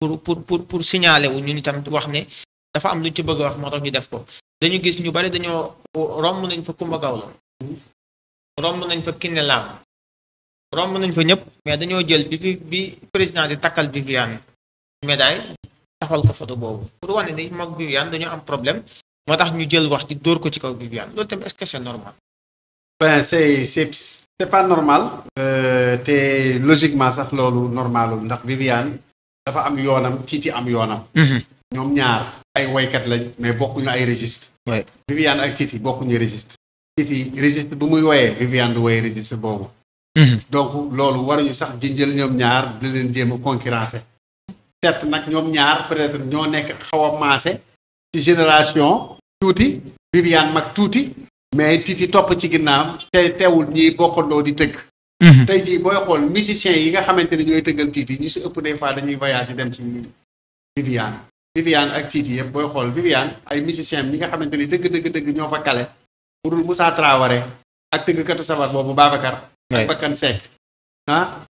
pour pour pour pour signaler wu ñu ni tamit wax ne dafa am lu ci bëgg a wax moo tax ñu def ko dañu gis ñu bari dañoo romb nañ fa Kumba Gawlo romb nañ fa Kiné Lam romb nañ fa ñëpp mais dañoo jël bi bi bi président di takkal Viviane médaille taxal ko photo boobu pour wane ne moog Viviane dañoo am problème moo tax ñu jël wax ci dóor ko ci kaw Viviane loolu tamit est-ce que c'est normal. ben c'est pas normal. Euh, te logiquement sax loolu normalul ndax Viviane. dafa am yoonam tiiti am yoonam mhm. ñoom ñaar ay woykat lañ mais bokkuñu ay registre Viviane ak tiiti bokkuñu registre tiiti registre bu muy woyee Viviane du woyee registre boobu mhm. donc loolu waruñu sax jinjël ñoom ñaar di leen jéem a concurrencer certes nag ñoom ñaar peut-être ñoo nekk xaw a maase ci génération tuuti Viviane mag tuuti mais tiiti topp ci ginnaaw te teewul ñi bokkandoo di tëgg Mhm. tey jii booy xool musiciens yi nga xamante ni ñooy tëggal tiit yi ñu si ëpp des fois dañuy voyage dem ci Viviane Viviane ak tiit yi yëpp booy xool Viviane ay musiciens ñi nga xamante ni dëgg dëgg dëgg ñoo fa kale bu dul Moussa Traoré ak tëggkatu sabar boobu Babacar ak Bakkan Seck ah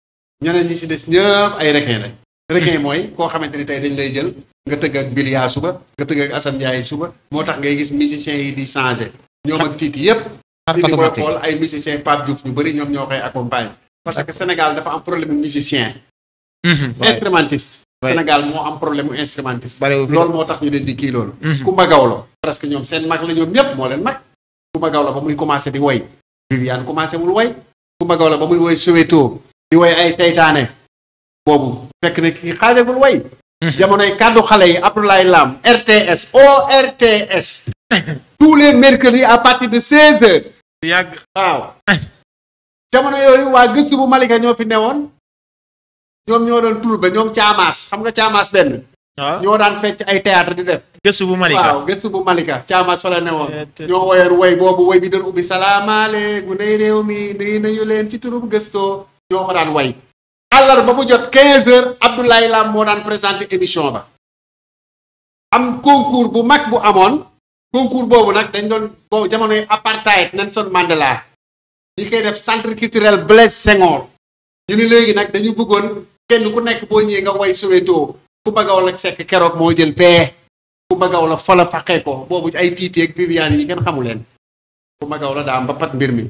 ñeneen ñi si des ñëpp ay requin lañ requin mooy koo xamante ni tey dañ lay jël nga tëgg ak Bilia suba nga tëgg ak Assane Ndiaye suba moo tax ngay gis musiciens yi di changé ñoom ak tiit yëpp arc booy xool ay musiciens Pape Diouf ñu bëri ñoom ñoo koy accompagner. parce que Sénégal dafa am problème musicien. Mhm. instrumentiste. Sénégal moo am problème mu instrumentiste. moo tax ñu leen di kii loolu. Mhm. Kumba la ñoom ñëpp moo leen mag. Kumba ba muy commencé di woy. Viviane commencé wul woy. Kumba ba muy woy Soweto. di woy ay seytaane. boobu fekk xaajagul woy. Mhm. jamonoy kàddu xale yi Abdoulaye Lam RTS ORTS. tous les mercredis à partir de 16h. yàgg waaw. jamono yooyu waa gëstu bu Malika ñoo fi newoon. ñoom ñoo doon tur ba ñoom caamaas xam nga caamaas benn. waaw ñoo daan fecc ay théâtre di def. gëstu bu Malika waaw gëstu bu Malika caamaas fa la newoon. Eh, ñoo woyoon woy boobu woy bi doon ubbi salaamaale nay réew mi nuyu nañu leen ci turub gëstoo ñoo ko daan woy. àllarba bu jot 15h Lam moo daan présenté émission ba. am concours bu mag bu amoon. concours boobu nag dañ doon boobu jamonoy apartheid Nelson Mandela ñi koy def centre culturel Blaise Senghor ñu ni léegi nag dañu bëggoon kenn ku nekk boo ñëwee nga way Soweto ku bagaw la sekk keroog moo jël pee ku bagaw la fola faqee ko boobu ay tiiteeg Viviane yi kenn xamu leen ku bagaw la daa am ba pat mbir mi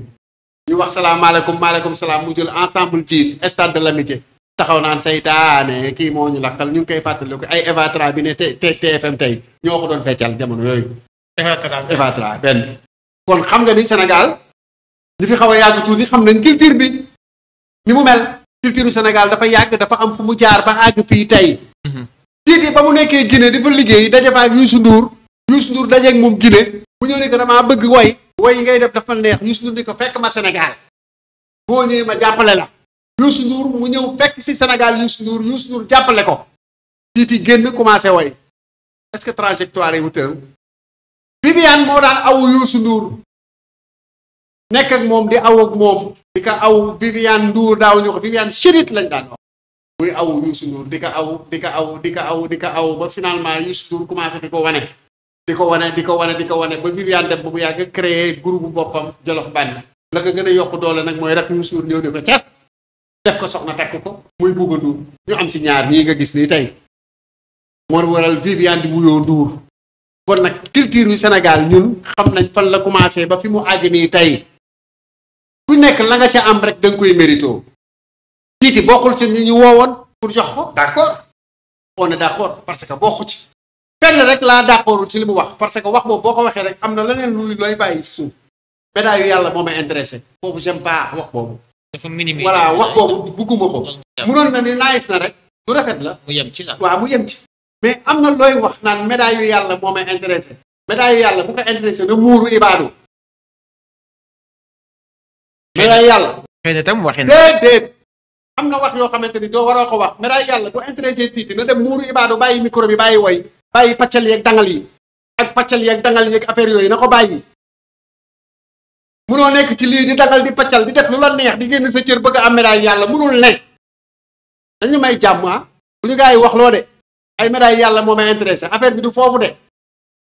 ñu wax salaamaaleykum maaleykum salaam mu jël ensemble jiit stade de l'amitié taxaw naan saytaane kii moo ñu laqal ñu ngi koy fàttaliku ay Evatra bi ne T TFM ñoo ko doon feccal jamono yooyu Evatra benn kon xam nga ni Sénégal ñu fi xaw a yàgg ni xam nañ culture bi ni mu mel culture Sénégal dafa yàgg dafa am fu mu jaar ba àgg fii tey tiiti mhm. ba mu nekkee Guinée di fa liggéey daje fa ak Youssou Ndour Youssou Ndour dajeeg moom Guinée mu ñëw ne ko damaa bëgg woy woy ngay def dafa neex Youssou Ndour ni ko fekk ma Sénégal boo ñëwee ma jàppale la Youssou Ndour mu ñëw fekk ci Sénégal Youssou Ndour Youssou Ndour jàppale ko tiiti génn commencé woy parce que trajectoire yi mu Viviane moo daan awu Youssou Ndour nekk ak moom di aw ak moom di ka aw Viviane Ndour daaw ñu ko Viviane Chérif lañ daan wax muy aw Youssou Ndour di ko aw di ko aw di ko aw di ko aw ba finalement Youssou Ndour commencé di ko wane di ko wane di ko wane di ko wane ba Viviane dem ba mu yàgg créé groupe boppam Jolof Band la ko gën a yokk doole nag mooy rek Youssou Ndour ñëw ne ko Thiès def ko soxna takk ko muy bugg a Ndour ñu am ci ñaar ñii nga gis nii tey moo waral Viviane kon nag culture yu Sénégal ñun xam nañ fan la commencé ba fi mu àgg nii tey ku nekk la nga ca am rek da nga koy mérito tiiti bokkul ci ñi ñu woowoon pour jox ko d'accord on est d'accord parce que bokku ci fenn rek laa d'accordul ci li mu wax parce que wax boobu boo ko waxee rek am na leneen luy looy bàyyi suuf médaille yu yàlla moom ma intéressé boobu j'aime pas wax boobu voilà wax boobu bugguma ko munoon na ni nice na rek lu rafet la mu ci la waaw mu yem ci mais am na looy wax naan médaille yu yàlla moo may intéressé médaille yàlla bu ko intéressé na muuru ibaadu. médaille yàlla. xëy na tam waxin déedéet am na wax yoo xamante ni doo waroo ko wax médaille yàlla bu intéressé tiiti na dem muuru ibaadu bàyyi micro bi bàyyi woy bàyyi pàccal yeeg dangal yi ak pàccal yeeg dangal yeeg affaire yooyu na ko bàyyi. munoo nekk ci lii di dangal di paccal di def lu la neex di génn sa cër bëgg am médaille yàlla munul ne dañu may jàmm ah. bu ñu gars yi wax de. ay médailles yàlla moo may intéressé affaire bi du foofu de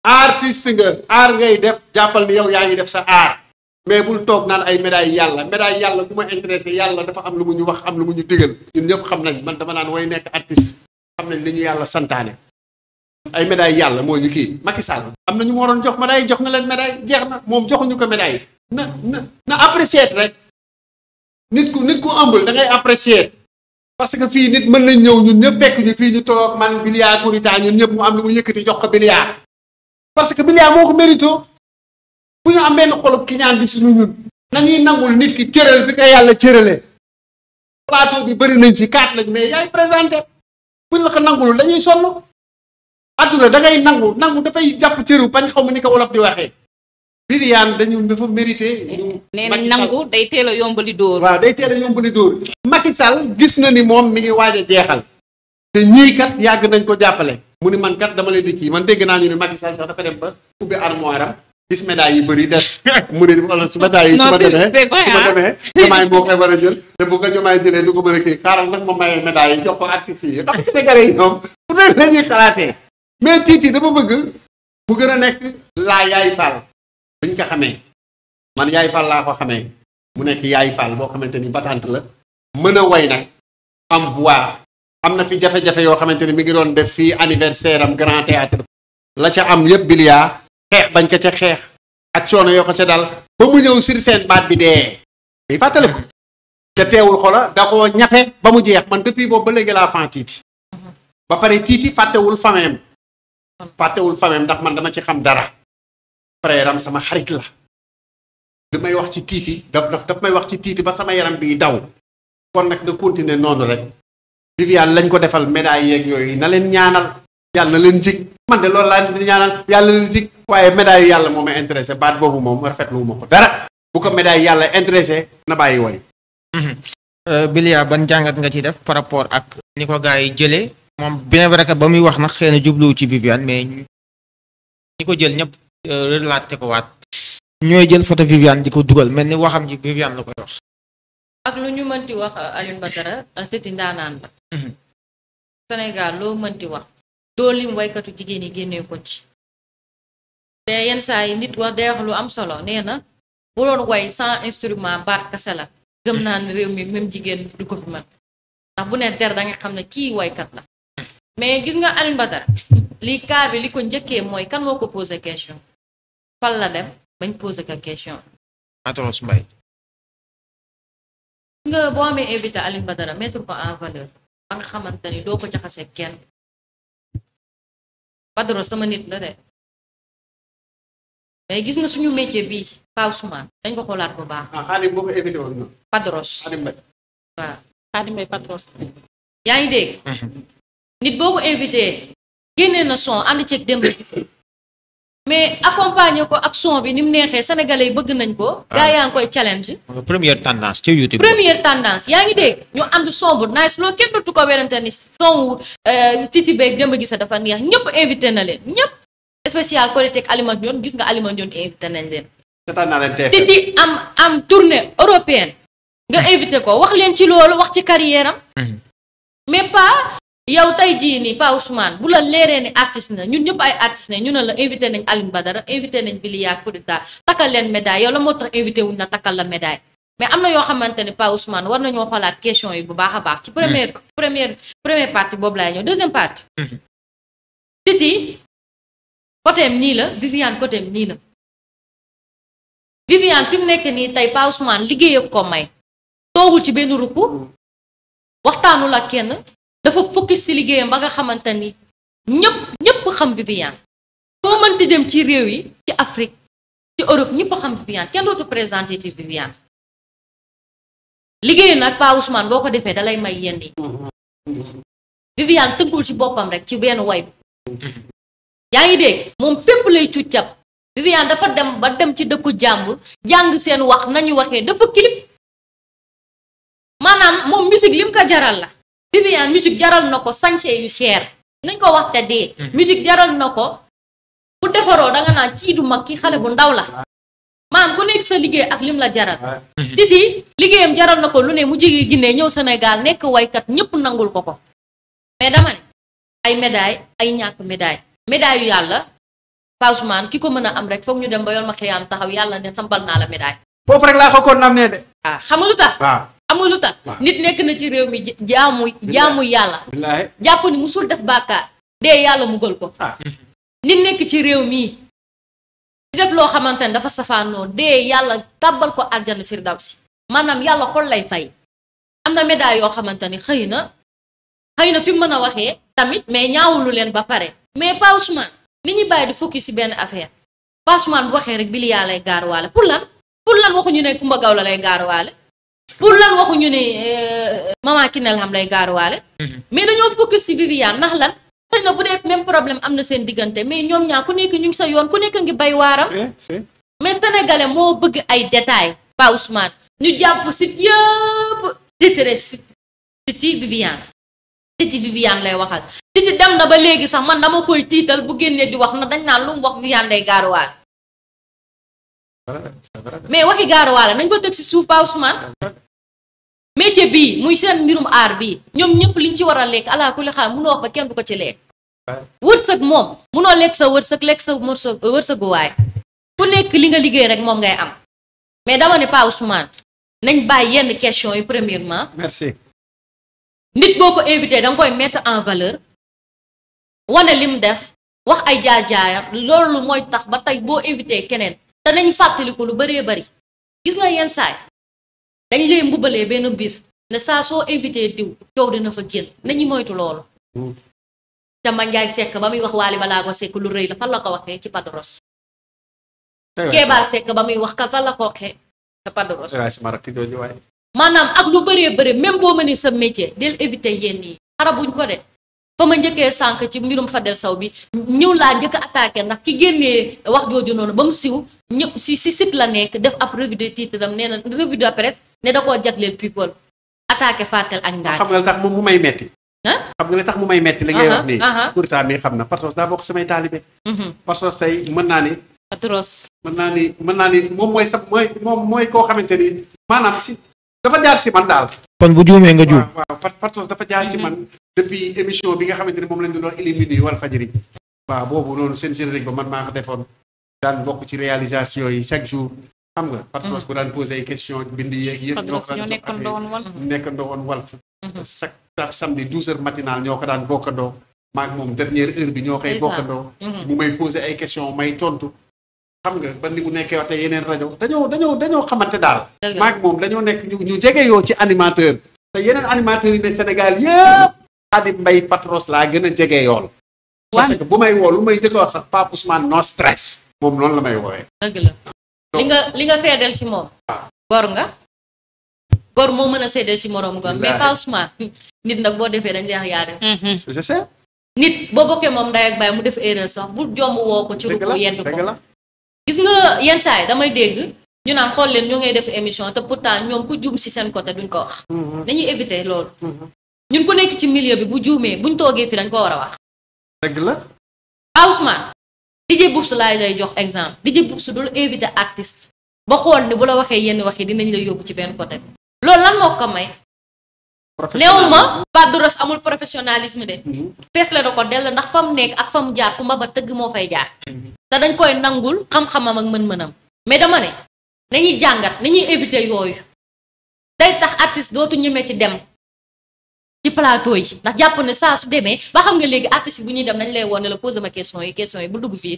artiste nga aar ngay def jàppal ni yow yaa ngi def sa aar mais bul toog naan ay médailles yàlla médailles yàlla bu ma intéressé yàlla dafa am lu mu ñu wax am lu mu ñu digal ñun ñëpp xam nañ man dama naan way nekk artiste xam nañ li ñu yàlla santaane ay médailles yàlla moo ñu kii Macky Sall am na ñu moo doon jox médaille jox na leen médaille jeex na moom joxuñu ko médaille na na na rek nit ku nit ku ëmbul da ngay parce que fii nit mën nañ ñëw ñun ñëpp fekk ñu fii ñu toog man Bilia Kourita ñun ñëpp mu am lu mu yëkkati jox ko parce que Bilia moo ko mérito bu ñu am benn xolub ki ñaan bi suñu ñun nañuy nangul nit ki cëral bi ko yàlla cëralee plateau bi bëri nañ fi kaat lañ mais yaay présenté buñ la ko nangul dañuy sonn àdduna da ngay nangu nangu dafay jàpp cëru bañ xaw ma ni ko wolof di waxee Viviane dañu dafa mérité. nee nañ nangu day teel a yombali dóor. waaw day teel a yombali dóor. Macky Sall gis na ni moom mi ngi waaj a jeexal. te ñii kat yàgg nañ ko jàppale. mu ni man kat dama leen di kii man dégg naa ñu ne Macky Sall sax dafa dem ba ubbi armoire gis médailles yi bëri des mu ne wala su médailles yi su ma demee su ma demee a jël ko jomaay jëlee du a kii xaaral nag ma mayee médailles yi jox ko artistes yi ndax Sénégalais yi ñoom bu dee la ñuy xalaatee mais tiit yi dama bëgg mu gën a nekk laa yaay Fall buñ ko xamee man yaay Fall laa ko xamee mu nekk yaay Fall boo xamante ni batant la mën a way nag am voix am na fi jafe-jafe yoo xamante ni mi ngi doon def fii anniversaire am grand théâtre la ca am yëpp biliyaa xeex bañ ko ca xeex ak coono yoo ko ca dal ba mu ñëw sur seen baat bi dee day fàttale ko te teewul xola da koo ñafe ba mu jeex man depuis boobu ba léegi laa fan tiiti ba pare tiiti fàttewul fameem fàttewul fameem ndax man dama ci xam dara frère am sama xarit la li may wax ci tiiti daf daf daf may wax ci tiiti ba sama yaram bi daw kon nag na continuer noonu rek Viviane lañ ko defal médaille yeeg yooyu na leen ñaanal yàlla na leen jig man de loolu laa di ñaanal yàlla na leen jig waaye médaille yàlla moom ma intéressé baat boobu moom rafetlu wu ma ko dara bu ko médaille yàlla intéressé na bàyyi woy mhm. euh, Bilia ban jàngat nga ci def par rapport ak ni ko gars yi jëlee moom bien vrai ba muy wax nag xëy na jubluwu ci Viviane mais ñi ko jël ñëpp Euh, relaté ko waat ñooy jël photo Viviane di ko dugal mel ni waxam ji Viviane la koy wax. ak lu ñu mënti wax euh, Alioune Badara euh, tëddi ndaanaan la. Mhm. Sénégal loo mënti wax. doo lim waykatu jigéen yi génnee ko ci. te yenn saa yi nit wax day wax lu am solo nee na bu doon way sans instrument baat kase la. gëm naa ne réew mi même jigéen du ko fi mën. ndax bu ne der da xam ne kii waykat la. mais gis nga Alioune Badara. lii cas bi li ko njëkkee mooy kan moo ko posé question. fal la dem bañ poser ko question. Matros Mbaye. nga boo amee invité Alioune Badara mettre ko en ba nga xamante ni doo ko jaxasee kenn Badara sama nit la de mais gis nga suñu métier bi Paa Ousmane dañ ko xoolaat bu baax. ah Xaadim boo dégg. Mhm. nit boo ko invité génnee na son ànd ceeg démb. mais accompagner ko ak son bi ni mu neexee sénégalais yi bëgg nañ ko. Ah. gaa yaa ngi koy challenge. première tendance ci YouTube. première tendance yaa ngi dégg ñu ànd son bu nice loolu kenn dootu ko werante ni son euh, Titi beeg Demba Guissé dafa neex ñëpp invité na leen ñëpp. spécial Korité ak Alima gis nga Alima Ndione invité nañ leen. Titi am am tournée européenne. nga invité ko wax leen ci loolu wax ci carrière mhm. mais pas. yow tey jii nii Pa Ousmane bu la leeree ni artiste na ñu ñëpp ay artiste ne ñu ne la invité nañ Alioune Badara invité nañ Billy Yaak Koudia takkal leen médaille yow la moo tax invité wuñ na takkal la médaille mais am na yoo xamante ne Pa Ousmane war nañoo xoolaat question yi bu baax a baax. ci première hmm. première première partie boobu laay ñëw deuxième partie. Hmm. Titi côté nii la Viviane côté nii la. Viviane fi mu nekk nii tey Pa Ousmane liggéey ak ko may. toogul ci benn rukk waxtaanul kenn dafa focus ci liggéeyam ba nga xamante ni ñëpp ñëpp xam Viviane foo mënti dem ci réew yi ci Afrique ci Europe ñëpp xam Viviane kenn dootu présenté Viviane liggéey nag Pa Ousmane boo ko defee dalay may yenn yi Viviane tëggul ci boppam rek ci benn way yaa ngi dégg moom fépp lay cuccab Viviane dafa dem ba dem ci dëkku jàmbur jàng seen wax nañu waxee dafa clip maanaam moom musique lim ko jaral la Viviane musique jaral na ko sañse yu cher nañ ko wax te dee hmm. musique jaral na ko bu defaroo danga naan kii du mag kii xale bu ndaw la maam ku nekk sa liggéey ak lim la jaral hmm. titi liggéeyam jaral na ko lu ne mu jege Guinée ñëw Sénégal nekk woykat ñëpp nangul ko ko mais dama ne ay médaille ay ñàkk médaille médaille yu yàlla Passeman ki ko mën a am rek foog ñu dem ba yoon ma xiyaam taxaw yàlla ne sambal naa la médaille foofu rek laa ko kon am ne de ah, waaw tax amul lu tax nit nekk na ci réew mi jaamu jaamu yàlla jàpp ni musul def bàkkaar dee yàlla mugal ko ah. nit nekk ci réew mii di def loo xamante ne dafa safaanoo dee yàlla tàbbal ko àjjana firdawsi maanaam yàlla xol lay fay am na médaille yoo xamante ni xëy na xëy na fi mu mën a waxee tamit mais ñaawulu leen ba pare mais Pa Ousmane nit ñi bàyyi di fukki ci benn affaire Pa Ousmane bu waxee rek bi li lay gaar waale pour lan pour lan waxuñu ne Kumba Gawlo lay gaar pour lan waxuñu ne euh, maman Kineel xam lay gaaruwaale. Mhm. mais dañoo focus si Viviane ndax lan. xëy na bu dee même problème am na seen diggante mais ñoom ñaar ku nekk ñu ngi sa yoon ku nekk ngi bay waaram. mais sénégalais moo bëgg ay détails Pa Ousmane ñu jàpp sit yëpp titre siti Viviane siti Viviane lay waxal siti dem na ba léegi sax man dama koy tiital bu génnee di wax na dañ naan lu mu wax Viviane day gaaruwaale mais waxi gaaruwaale nañ ko teg si suuf Pa métier bii muy seen mbirum aar bi ñoom ñëpp liñ ci war a lekk ala kulli xaal mënoo wax ba kenn du ko ci lekk. wërsëg moom mënoo lekk sa wërsëg lekk sa wërsëgu waay ku nekk li nga liggéey rek moom ngay am mais dama ne Pa Ousmane nañ bàyyi yenn question yi premièrement. merci. nit boo ko invité danga koy mettre en valeur wane li def wax ay jaar-jaaram loolu mooy tax ba tey boo invité keneen te nañ fàttaliku lu bëree bari gis nga yenn saay dañ lay mbubalee benn biir ne saa soo invité diw coow dina fa génn nañu moytu loolu te mm. Mandiaye Seck ba muy wax Waly ko Seck lu rëy la fan la ko waxee ci Padros Kéba Seck ba muy wax ka fan la ko waxee ca Padros maanaam ak lu bëree bëri même boo mënee sa métier del éviter yenn yi xarabuñ ko de fa ma njëkkee sànq ci mbirum Fadel Saw bi ñëw laa njëkk a ndax ki génnee wax jooju noonu ba mu siw ñëpp si si la nekk def ab revue de titre am nee na revue de presse ne da koo jagleel people attaqué Fatel ak Ndaaye. xam nga li tax mu may metti xam nga li tax mu may metti li ngay wax nii. pourtant mi xam na Patros daa bokk samay taalibe. Mhm. Patros tey mën naa ni. Patros mën naa ni mën naa moom mooy sa mooy moom mooy koo xamante ni maanaam si dafa jaar si man daal. kon bu juumee nga juum. waaw Patros depuis émission bi nga xamante ne moom lañ doon éliminé wal fajiri waaw boobu noonu seen générique ba man maa ko defoon daan bokk ci réalisation yi chaque jour xam nga parce que daan posé ay question bind yeeg yëpp mhm. ñoo ko daan bokkandoo maag moom dernière heure bi ñoo koy bokkandoo mhm. mu may posé ay question may tontu xam nga ba ni mu nekkee wax yeneen rajo dañoo dañoo dañoo xamante daal maag moom dañoo nekk ñu jege yoo ci animateur yeneen Habib Mbaye Patros laa gën a jege yoon parce que bu may woo lu may njëkk a wax sax Pape Ousmane no stress. moom loolu la may woowee. dëgg la li nga li nga seedeel ci moom. Ah. gor nga. gor moo mën a seedeel ci moroom gor mais Pape Ousmane. nit nag boo defee dañ lay wax yaa def. Mm-hmm. nit boo bokkee moom ndey ak baay mu def erreur sax bu jomb woo ko. ci ruubu yedd ko gis nga yenn saa yi damay dégg. ñu naan xool leen ñoo ngay def émission te pourtant ñoom ku jub si seen côté duñ ko wax. Mm-hmm. nañuy éviter ñun ko nekk ci milieu bi bu juumee buñ toogee fi dañ ko war a wax. dëgg la. ah Ousmane. DJ Boubs laay lay jox exemple DJ Boubs dul invité artiste ba xool ni bu la waxee yenn wax yi dinañ la yóbbu ci benn côté bi loolu lan moo ko may. néew ma Badouras amul professionnalisme de. Mhm. fees la da ko dell ndax fa mu nekk ak fa mu jaar ku mbabat tëgg moo fay jaar. te dañ koy nangul xam-xamam ak mën-mënam mais dama ne nañuy jàngat nañuy éviter yooyu day tax artiste dootu ñeme ci dem. plateau yi ndax jàpp na saa su demee ba xam nga léegi artiste bu ñuy dem nañ lay woon ne la poser ma question yi question yi bu dugg fii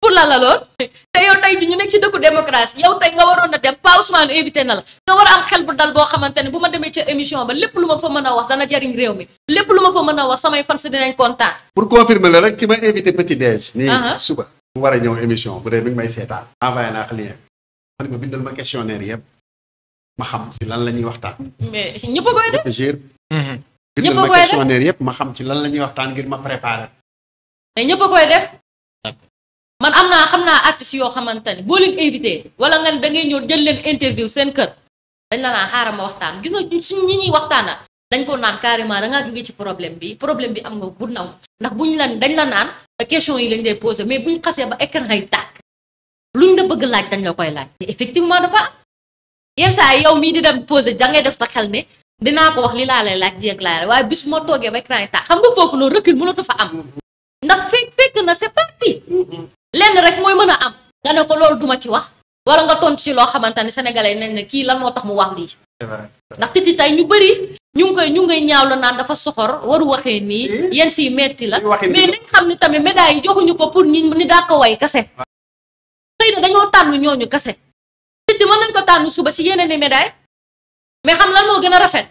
pour la la lool te yow tey ñu nekk ci dëkku démocratie yow tey nga waroon a dem Pa Ousmane invité na la nga war a am xel bu dal boo xamante ne bu ma demee ca émission ba lépp lu ma fa mën a wax dana jariñ réew mi lépp lu ma fa mën a wax samay fans dinañ kontaan. pour confirmer la rek ki ma invité petit déj. ma bindal ma questionnaire yëpp ma lan la ñuy waxtaan. mais ñëpp Mhm. ñëpp a koy def questionnaire yëpp ma xam ci lan la ñuy waxtaan ngir ma préparer. mais ñëpp a man am naa xam naa artistes yoo xamante ni boo leen invité wala nga ne da ngay ñëw jël leen interview seen kër dañ la naan xaaral ma waxtaan gis nga suñ ñi ñuy waxtaana dañ ko naan carrément da ngaa jógee ci problème bi problème bi am nga bu naw ndax bu ñu la dañ la naan question yi lañ lay posé mais ñu xasee ba écran ay tàkk ñu la bëgg laaj dañ la koy laaj. effectivement dafa am yenn saa yow mii di dem posé da def sa xel ne dinaa ko wax li laa lay laaj jéeg laa lay waaye bis ma toogee ba écran yi tax xam nga foofu loolu recul mënatu fa am ndax fekk fekk na c'est lenn rek mooy mën a am nga ne ko loolu duma ci wax wala nga tontu ci loo xamante ne sénégalais nañ na kii lan moo tax mu wax lii ndax titi tay ñu bari ñu ngi koy ñu ngay ñaaw la naan dafa soxor waru waxee nii yenn si metti la mais nañ xam ni tamit médaille yi joxuñu ko pour ñi ni daa ko way kase xëy na dañoo tànn ñooñu kase ko tànn suba si yeneen mais xam lan moo gën a rafet.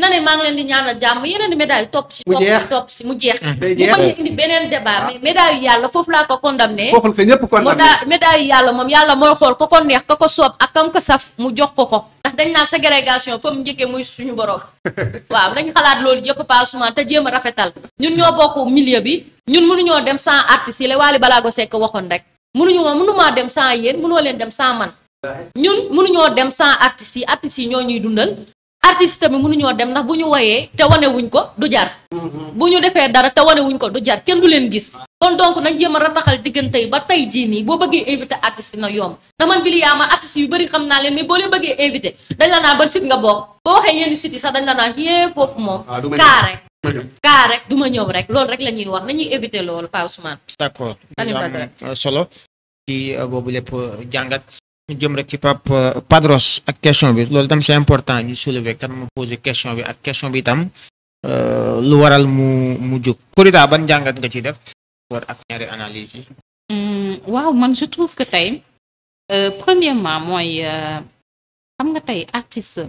na ne maa ngi leen di ñaanal jàmm yeneen i médailles topp si. topp si mu jeex. mu bañ a beneen débat mais médaille yàlla foofu laa ko condamné. foofu la ñëpp condamné yàlla moom yàlla mooy xool ko ko neex ka ko soob ak kam ko saf mu jox ko ko. ndax dañ naa ségrégation fa mu njëkkee muy suñu borom. waaw nañ xalaat loolu yëpp paasuma te jéem a rafetal. ñun ñoo bokk milieu bi ñun mënuñoo dem sans artistes yi la Waly Balago Seck waxoon rek mënuñu ma mënumaa dem sans yéen mënoo leen dem sans man ñun mënuñoo dem sans artistes yi artistes yi ñoo ñuy dundal artistes tamit mënuñoo dem ndax bu ñu woyee te wanewuñ ko du jar mm-hmm. bu ñu defee dara te wanewuñ ko du jar kenn du leen gis kon donc nañ jéem a rataxal diggante yi ba tey jii nii boo bëggee invité artistes na yomb ndax man bi yaa man artistes yu bëri xam naa leen mais boo leen bëggee invité dañ la naan ban site nga bokk boo waxee yenn site yi sax dañ la naan yee foofu moom carré ah, kaa duma ñëw rek loolu rek la ñuy wax nañuy éviter loolu Pa Ousmane d'accord solo ci euh, boobu lépp euh, jàngat ñu jëm rek ci Pape euh, Padros ak question bi loolu tam c'est important ñu soulever kan ma posé question bi ak question bi itam euh, lu waral mu mu jóg Korita ban njàngat nga ci def war ak hmm, waaw man je trouve que tey euh, premièrement mooy xam nga tey artiste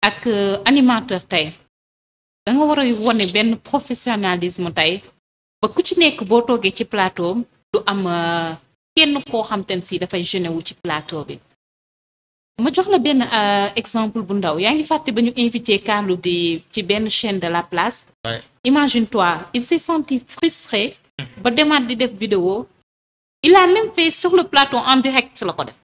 ak animateur tey danga nga war a wone benn professionnalisme tey ba ku ci nekk boo toogee ci plateau du am kenn koo xam te ne si dafay gêné wu ci plateau bi ma jox la benn euh, exemple bu ndaw yaa ngi fàtte ba ñu invité Carlou di ci benn chaîne de la place imagine toi il s'est senti frustré mmh. ba demand di def vidéo il a même fait sur le plateau en direct la ko def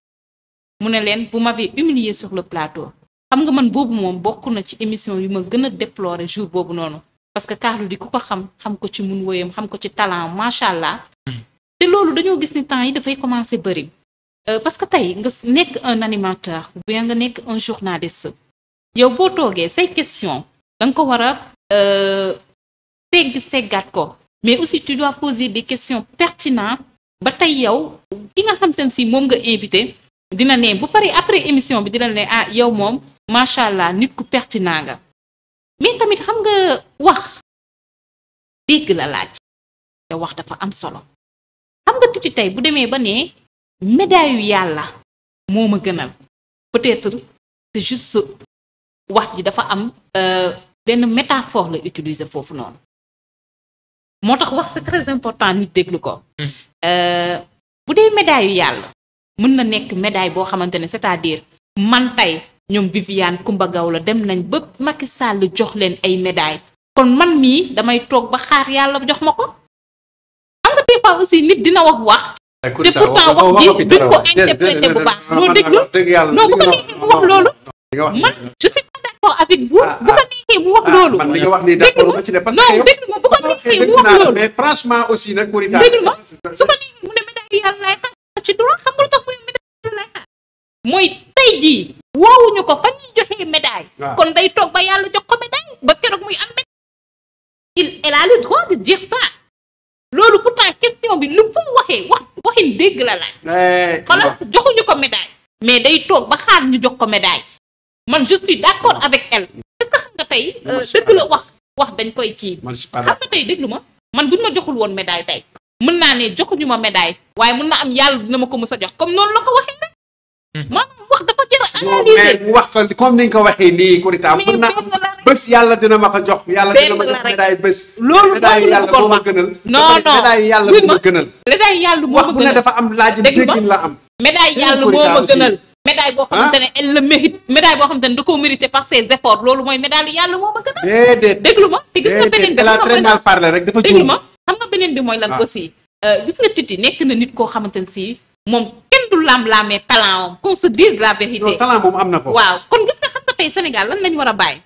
mu ne leen vous m'avez humilié sur le plateau xam nga man boobu moom bokk na ci émission yu ma gën a déplorer jour boobu noonu parce que Carlou D ku ko xam xam ko ci mun woyam xam ko ci talent macha allah te loolu dañoo gis ni temps yi dafay commencer bëri euh, parce que tey nga nekk un animateur ou bien nga nekk un journaliste yow boo toogee say question da nga ko war a euh, segg seggaat ko mais aussi tu dois poser des questions pertinentes ba tey yow ki nga xam seen si moom nga invité dina ne bu paree après émission bi dina ne ah yow moom macha allah nit ku pertinent nga mais tamit xam nga wax dégg la laaj te wax dafa am solo. bëtt ci tey bu demee ba ne médaille yu yàlla moo ma gënal peut-être c'est juste wax ji dafa am euh, benn métaphore la utiliser foofu noonu moo tax wax c'est très important nit déglu ko hmm. euh, bu dee médaille yu yàlla mën na nekk médaille boo xamante ne c'est-à-dire man tey ñoom Viviane Kumba la dem nañ ba Macky sàll jox leen ay médaille kon man mii damay toog ba xaar yàlla jox ma ko des fois aussi wax ji duñ ko interpréter bu baax. pas d'accord avec vous. Ah, bu ko ah. neexee mu wax ah, loolu. man li nga wax nii bu ko eh, neexee mu wax loolu. mais ma su ko neexee mu ne médaille yàlla lay xaar ci droit xam nga lu tax muy médaille mooy tey jii. woowuñu ko fa ñuy joxee médaille. kon day toog ba yàlla jox ko médaille ba keroog muy am médaille. il a le droit de dire ça. loolu pourtant question bi lu fu mu waxee wax waxin dégg la laaj eh, xala joxuñu ko médaille mais day toog ba xaar ñu jox ko médaille man je suis d'accord avec elle est-ce xam nga tey euh, dëgg la wax wax dañ koy kii xam nga tey déglu ma man buñ ma joxul woon médaille tey mën naa ne joxuñu ma médaille waaye mun na am yàlla dina ma ko mës a jox comme noonu la ko waxee rek mhm. wax dafa mais mu wax comme ni nga ko waxee nii Kourita mën yàlla dina ma ko jox yàlla dina ma jox médaille la am médaille yàlla boo xamante ne elle par ses efforts loolu mooy médaille yàlla moo ma bi la très mal parlé xam nga mooy lan ah. aussi euh, gis nga Titi nekk na nit koo xamante ne si moom kenn la moom am na ko. waaw kon gis nga xam nga tey Sénégal lan lañ war a bàyyi.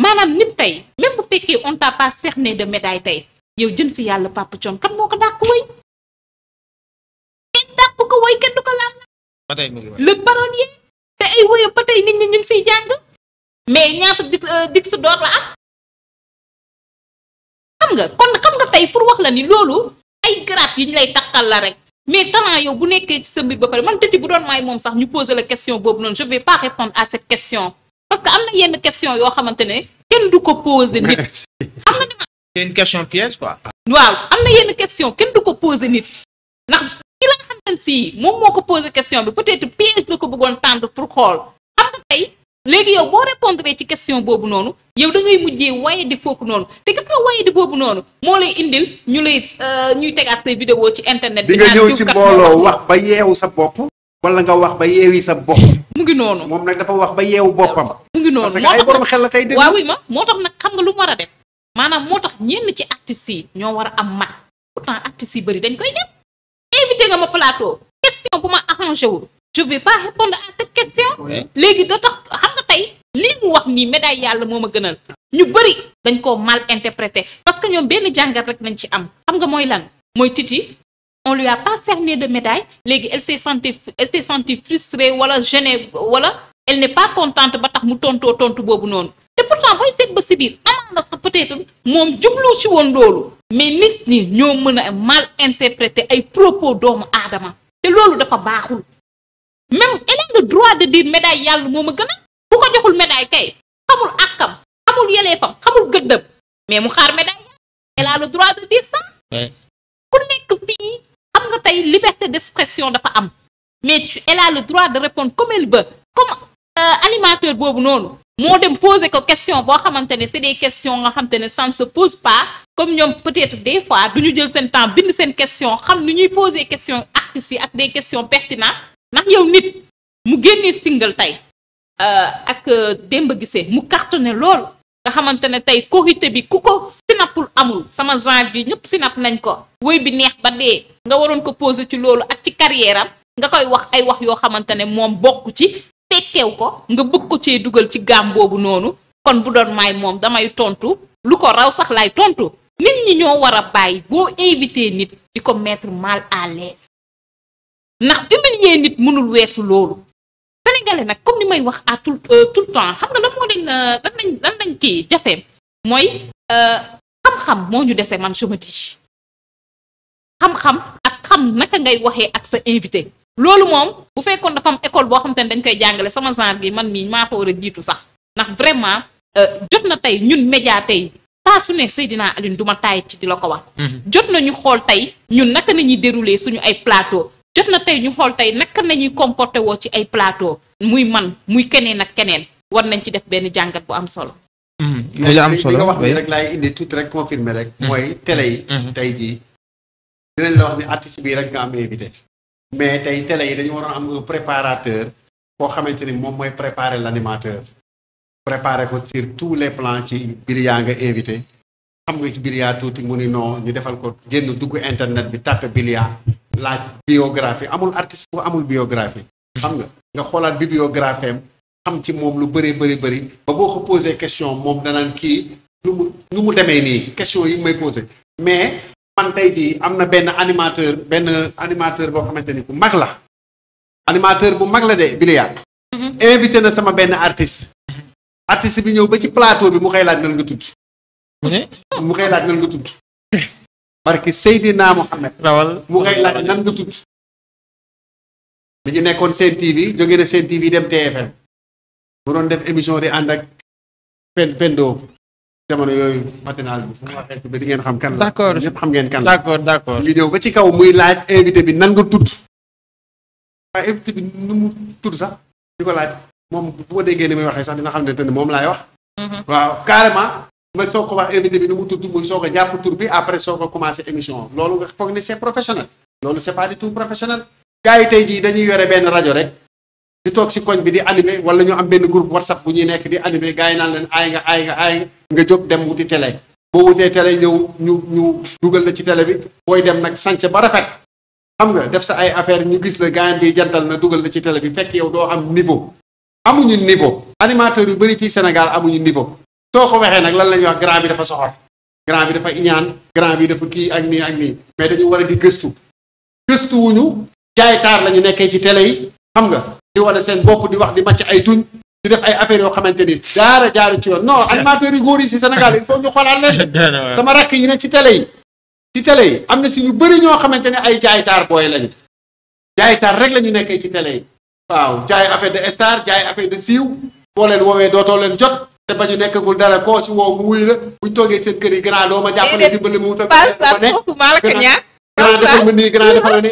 maanaam nit tey même bu fekkee on t'a pas cerné de médaille tey yow jëm si yàlla Papa Thione kan moo ko dàq way kenn dàq ko way kenn du ko lam. ba tey le te ay woyam ba tey nit ñi ñu jàng. mais ñaata di euh, dig su door la am. xam nga kon xam nga tey pour wax la ni loolu ay garab yi ñu lay takkal la rek. mais talent yow bu nekkee ci sa mbir ba pare man tëti bu doon maay moom sax ñu poser la question boobu noonu je vais pas répondre à cette question parce que am na yenn question yoo xamante ne kenn du ko poser nit am na c'est une question piège quoi. waaw am na yenn question kenn du ko poser nit ndax ki la nga si moom moo ko poser question bi peut-être piège la ko bëggoon tendre pour xool xam nga tey léegi yow boo répondre ci question boobu noonu yow da ngay mujjee waaye di foofu noonu te gis nga waaye di boobu noonu moo lay indil ñu lay euh, ñuy tegaat say vidéo ci internet. bi nga ñëw ci mbooloo wax ba yeewu sa bopp. wala nga wax ba yeewi sa bopp. mu ngi noonu moom nag dafa wax ba yeewu boppam. mu ngi noonu parce que ay borom xel la tey dégg waaw ma moo tax nag xam nga lu mu war a def. maanaam moo tax ñenn ci artistes yi ñoo war a am mat pourtant artistes yi bëri dañ koy ma plateau question ma arrangé wul je vais léegi tey lii mu wax nii médaille yàlla moo ma gënal ñu bari dañ koo mal interprété parce que ñoom benn jàngat rek nañ ci am xam nga mooy lan mooy Titi on a pas cerné de médaille léegi elle s'est sentie elle s'est sentie frustrée wala gênée wala elle n'est pas contente ba tax mu tontoo tontu boobu noonu te pourtant booy seet ba si biir amaana sax peut-être moom jublu ci woon loolu mais nit ñi ñoo mën a mal interpréter ay propos doomu aadama te loolu dafa baaxul même elle yàlla moo ma gën xamul àkkam xamul yeleefam xamul gëddëm mais mu xaar médaille elle a le droit de dire ça ku nekk fii xam nga tey liberté d'expression dafa am mais tu elle a le droit de répondre comme elle veut comme euh, animateur boobu noonu moo dem pose ko question boo xamante ne c'est des question nga xamante ne ça ne se pose pas comme ñoom peut-être fois du ñu jël seen temps bind seen question xam nu ñuy poser question artistes yi ak des questions pertinentes ndax yow nit mu génnee single tey Euh, ak euh, Demba Guissé mu cartonné lool nga xamante ne tey korité bi ku ko sinapul amul sama genre bi ñëpp sinap nañ ko woy bi neex ba dee nga waroon ko poser ci loolu ak ci carrière am nga koy wax ay wax yoo xamante ne moom bokk ci fekkeew ko nga bëgg ko cee dugal ci gaam boobu noonu kon bu doon maay moom damay tontu lu ko raw sax laay tontu nit ñi ñoo war a bàyyi boo invité nit di ko mettre mal à l'aise ndax humilier nit mënul weesu loolu ñu may wax à tout euh, tout le temps xam nga lan moo leen euh, lan lañ lan lañ kii jafe mooy euh, xam-xam moo ñu dese man je me xam-xam ak xam naka ngay waxee ak sa invité loolu moom bu fekkoon dafa am école boo xam te ne dañ koy jàngale sama genre gi man mii maa fa war a jiitu sax ndax vraiment jot na tey ñun média tey saa su ne Seydina Alioune du ma taay ci di la ko wax. Mhm. jot na ñu xool tey ñun naka nañuy dérouler suñu ay plateau jot na tey ñu xool tey naka nañuy woo ci ay plateau muy man muy keneen ak keneen war nañ ci def benn jàngat bu am solo. dina mm-hmm. am solo wax nii rek laay indi tuuti rek confirmer rek. Mm-hmm. mooy télé yi. Mm-hmm. tey jii dinañ la wax ni artiste bii rek nga am invité. mais tey télé yi dañu waroon am un préparateur koo xamante ne moom mooy préparer l' animateur. préparer ko sur tous les plans ci biir yaa nga invité. xam nga ci Bilia tuuti mu ni noo ñu defal ko génn dugg internet bi tapé Bilia laaj biographie amul artiste bu amul biographie xam nga nga xoolaat bibliographie am xam ci moom lu bëree bëri bëri ba boo ko posé question moom danaan kii lu mu lu mu demee nii question yi may posé mais man tey jii am na benn animateur benn animateur boo xamante ni bu mag la animateur bu mag la de Bilia mhm. invité na sama benn artiste artiste bi ñëw ba ci plateau bi mu xëy laaj nan nga tudd mu xëy laaj nan nga tudd barke Seydina Mohamed mu xëy laaj nan nga tudd mi ngi nekkoon Sen TV jóge na Sen TV dem TFM mu doon def émission di ànd ak pen Pendo jamono yooyu matinal bi fu mu di ngeen xam kan la. d'accord ñëpp xam ngeen kan la d'accord d'accord. li ñëw ba ci kaw muy laaj invité bi nan nga tudd. waaye invité sax di ko laaj moom bu ma déggee ni muy waxee sax dina xam ne te moom laay wax. Mhm. waaw carrément. nga soog ko wax invité bi nu mu tudd muy soo a jàpp tur bi après soog a commencé émission loolu nga foog ne c'est professionnel. loolu gars yi tey jii dañuy yore benn rajo rek di toog ci koñ bi di anime wala ñu am benn groupe whatsapp bu ñuy nekk di animé gars yi naan leen aay nga aay nga nga nga jóg dem wuti télé boo wutee télé ñëw ñu ñu dugal la ci tele bi booy dem nag sànce ba rafet xam nga def sa ay affaire ñu gis la gars yi jantal na dugal na ci télé bi fekk yow doo am niveau amuñu niveau animateur yu bëri fii senegal amuñu niveau soo ko waxee nag lan la ñuy wax grand bi dafa soxor grand bi dafa iñaan grand bi dafa kii ak nii ak mais dañu war a jaay taar la ñu nekkee ci télé yi xam nga di wane seen bopp di wax di màcc ay tuñ di def ay affaire yoo xamante ni daara jaaru ci yoon non animateurs yi góor yi si Sénégal il faut ñu xoolaat leen sama rakk yi ne ci télé yi ci télé yi am na si ñu bëri ñoo xamante ne ay jaay taar booy lañu jaay taar rek la ñu nekkee ci télé yi waaw jaay affaire de star jaay affaire de siiw boo leen woowee dootoo leen jot te ba ñu nekkagul dara koo si woo mu wuy la buñ toogee seen kër yi grand ma jàppale dimbali mu wutal ma nekk grand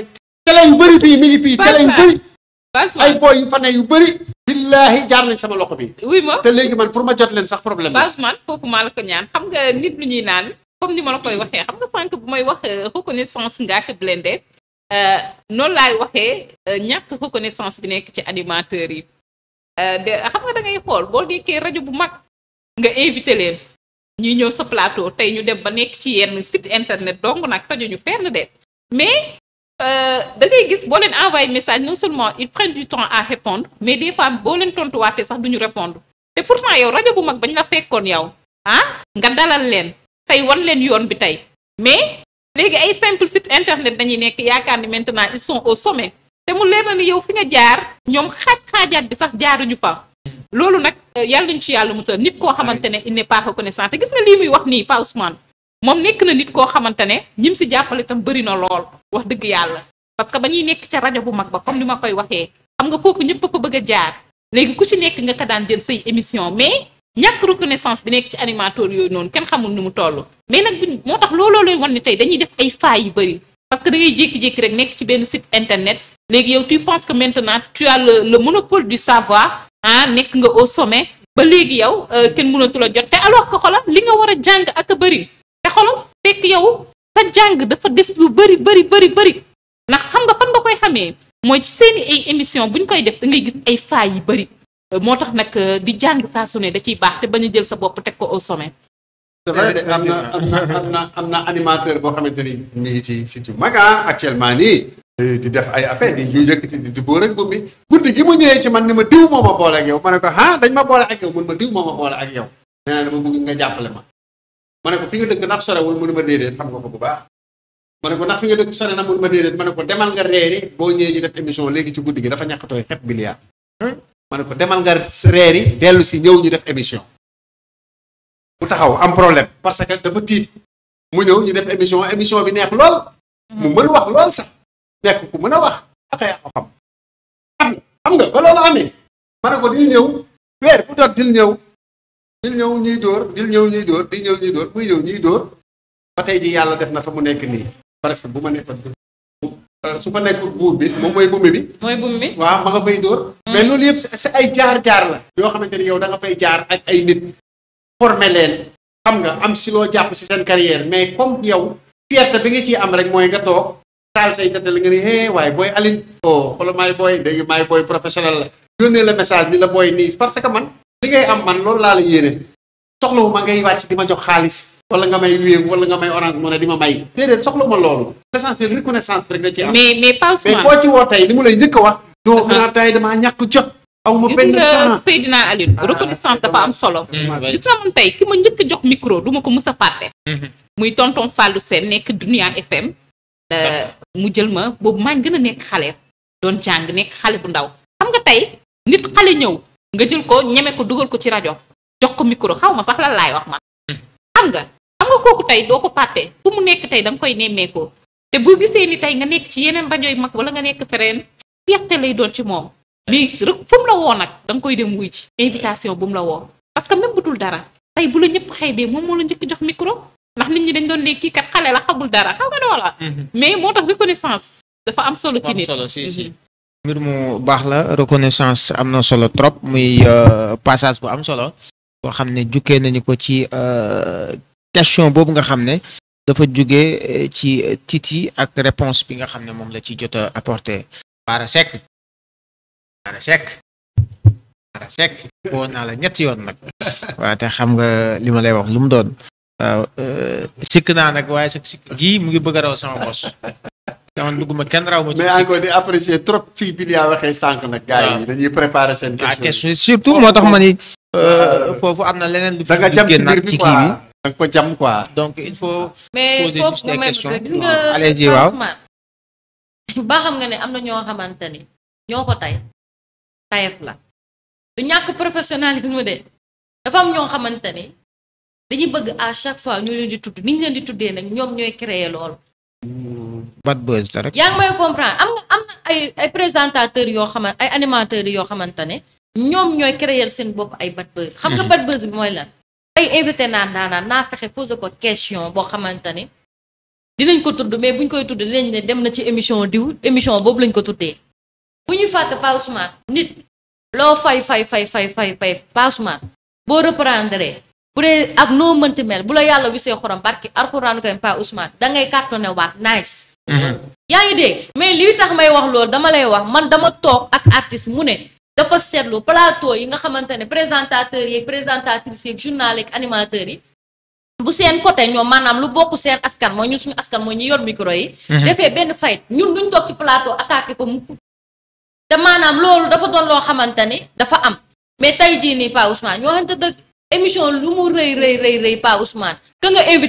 tele yu bëri fii mi ngi fii tele yu bëri ay booy yu fa bëri billaahi sama loxo bi te léegi man pour ma jot leen sax problème Basman foofu maa la ko ñaan xam nga nit lu ñuy naan comme ni ma la koy waxee xam nga sànq bu may wax euh, reconnaissance Ngaaka Blindé euh, noonu lay waxee euh, ñàkk reconnaissance bi nekk ci animateurs yi de xam nga da xool boo nekkee rajo bu mag nga invité leen ñuy ñëw sa plateau tey ñu dem ba nekk ci yenn site internet dong nag tajuñu fenn de mais Euh, da ngay gis boo leen envoyé message non seulement ils prennent du temps à répondre mais des fois boo leen tontuwaatee sax du ñu répondre te pourtant yow rajo bu mag bañ la fekkoon yow ah nga dalal leen tey wan leen yoon bi tey mais léegi ay simple site internet dañuy nekk yaakaar ni maintenant ils sont au sommet te mu leer na ni yow fi nga jaar ñoom xaaj xaajaat bi sax jaaruñu pa loolu nag euh, yàlla ñu ci yàlla mu tënk nit koo xamante ne il n'est pas reconnaissant te lii muy wax nii Pa Ousmane moom nekk na nit koo xamante ne ñim si jàppale tam bëri na lool wax dëgg yàlla parce que ba ñuy nekk ca rajo bu mag ba comme ni ma koy waxee xam nga foofu ñëpp a ko bëgg a jaar léegi ku ci nekk nga ko daan jël say émission mais ñàkk reconnaissance bi nekk ci animateur yooyu noonu kenn xamul ni mu toll mais nag bi moo tax looloo lay wan ni tey dañuy def ay failles yu bëri parce que da ngay jékki-jékki rek nekk ci benn sit internet léegi yow tu penses que maintenant tu as le le monopole du savoir ah nekk nga au sommet ba léegi yow euh, kenn mënatu la jot te alors que li nga war a jàng ak bëri te xolo fekk yow sa jàng dafa des lu bëri bëri bëri bëri ndax xam nga fan nga koy xamee mooy ci seeni ay émission buñ koy def da ngay gis ay faay yi bëri moo tax nag euh, di jàng saa su ne da ciy baax te bañ jël sa bopp teg ko au sommet. c'est vrai am na am am na animateur boo xamante ni mi ngi ci si ci maga actuellement nii. di def ay affaire di ñuy yëkkati di bóor ak boobu bi guddi gi ma ñëwee ci man ni ma diw moo a boole ak yow ma ne ko ah dañ ma boole ak yow mun ma diw moo ma boole ak yow nee naa nga jàppale ma. ma ne ko fi nga dëkk ndax sorewul mënu ma déedéet xam nga ko bu baax ma nax ko ndax fi nga dëkk sore na mënu ma déedéet ma ne ko demal nga reeri boo ñëwee ñu def émission léegi ci guddi gi dafa ñàkk tooy xet biliard ma ne ko demal nga reeri dellu si ñëw ñu def émission bu taxaw am problème parce que dafa tiit mu ñëw ñu def émission émission bi neex lool mu mën wax lool sax nekk ku mën a wax aka xam nga ba loolu amee ma ne ko dina ñëw weer bu dot dina ñëw dil ñëw ñuy dóor dil ñëw ñuy dóor di ñëw ñuy dóor muy ñëw ñuy dóor ba tey ji yàlla def na fa mu nekk nii parce que bu ma nekkoon su ma nekkul buub bi moom mooy bumi bi mooy bumi bi waaw ma nga fay dóor hmm. mais loolu yëpp si ay jaar-jaar la yoo xamante ni yow da nga fay jaar ak ay nit former leen xam nga am si loo jàpp si seen carrière mais comme yow fierté bi nga ciy am rek mooy nga nga ni hee waaye booy Aline o oh, xola maay booy dégg maay booy professionnel la yónnee la message bi la booy nii parce que man li ngay am man loolu laa la yéene soxlawu ma ngay wàcc di ma jox xaalis wala nga may wéew wala nga may orange mu ne di ma may déedéet soxlawu ma loolu l'essentiel reconnaissance rek nga ci am mais mais pas mais boo lay njëkk a wax doo naa tey damaa ñàkk jot aw ma benn temps Seydina Alioune ah, reconnaissance am solo mm, tey ki njëkk a jox micro du ma ko mës a fàtte mm-hmm. muy tonton Fallou Sène nekk Dunia FM euh, mu jël ma boobu maa ngi gën a nekk xale doon jàng nekk xale bu ndaw xam nga tey nit xale ñëw nga jël ko ñeme ko dugal ko ci rajo jox ko micro xaw ma sax lan laay wax man. xam nga xam nga kooku tey doo ko fàtte fu mu nekk tey da nga koy nemmeekoo te bu gisee ni tey nga nekk ci yeneen rajo yu mag wala nga nekk fereen fierté lay doon ci moom. léegi rek fu la woo nag da nga koy dem wuy ci invitation bu mu la woo parce que même dara tey bu la ñëpp xeebee moom moo la njëkk jox micro ndax nit ñi dañ doon ne kat xale la xamul dara xam nga loola. Mm-hmm. mais moo tax dafa am solo ci nit. Mm-hmm. mbir mu baax la reconnaissance am na solo trop muy euh, passage bu am solo boo xam ne jukkee nañu ko ci euh, question boobu nga xam ne dafa jóge euh, ci Titi ak réponse bi nga xam ne moom la ci jot a apporté Bara Seck Bara Seck Bara naa la ñetti yoon nag waaye te xam nga li ma lay wax lu mu doon sikk naa nag waaye sa sikk gii mu ngi bëgg a raw sama bos man dugguma kenn raw ma ci. mais encore di apprécier fii bi yaa waxee sànq nag. gars yi dañuy préparer seen. Ah, question surtout moo tax ma ni. Euh, ah. foofu am na leneen lu. da nga jam da ko jam quoi. donc il faut. poser juste des questions mais baa xam nga ne am na ñoo xamante ni ñoo ko tay tayef la du ñàkk professionnalisme de dafa am ñoo xamante ni dañuy bëgg à chaque fois ñu leen di tudd ni ñu leen di tuddee nag ñoom ñooy créer loolu. Hmm. bad buzz la rek. yaa ngi may comprendre am na am ay ay présentateurs yoo xamante ay animateurs yoo xamante ne ñoom ñooy créer seen bopp ay bad buzz. xam nga mhm. bad buzz bi mooy lan. ay invité naan daanaan naa fexe poser ko question boo xamante ne dinañ ko tudd mais buñ koy tudd dinañ ne dem na ci émission diw émission boobu lañ ko tuddee. bu ñu fàtte Pa Ousmane nit loo fay fay fay fay fay fay Pa boo reprendre bu dee ak noo mënti mel bu la yàlla wisee xorom barki arxuraanu kay pa Ousmane da ngay cartonné waat nice. Mm-hmm. yaa ngi dégg mais lii tax may wax loolu dama lay wax man dama toog ak artiste mu ne dafa seetlu plateau yi nga xamante ne présentateurs yeeg présentatrices yeeg journal yeeg animateurs yi. bu seen côté ñoom maanaam lu bokk seen askan mooy ñu suñu askan mooy ñu yor micro yi. Mm-hmm. defee benn fayit ñu luñ toog ci plateau attaqué ko mu. te maanaam loolu dafa doon loo xamante ni dafa am mais tey jii nii Pa Ousmane émission lu mu rëy rëy Pa Ousmane que nga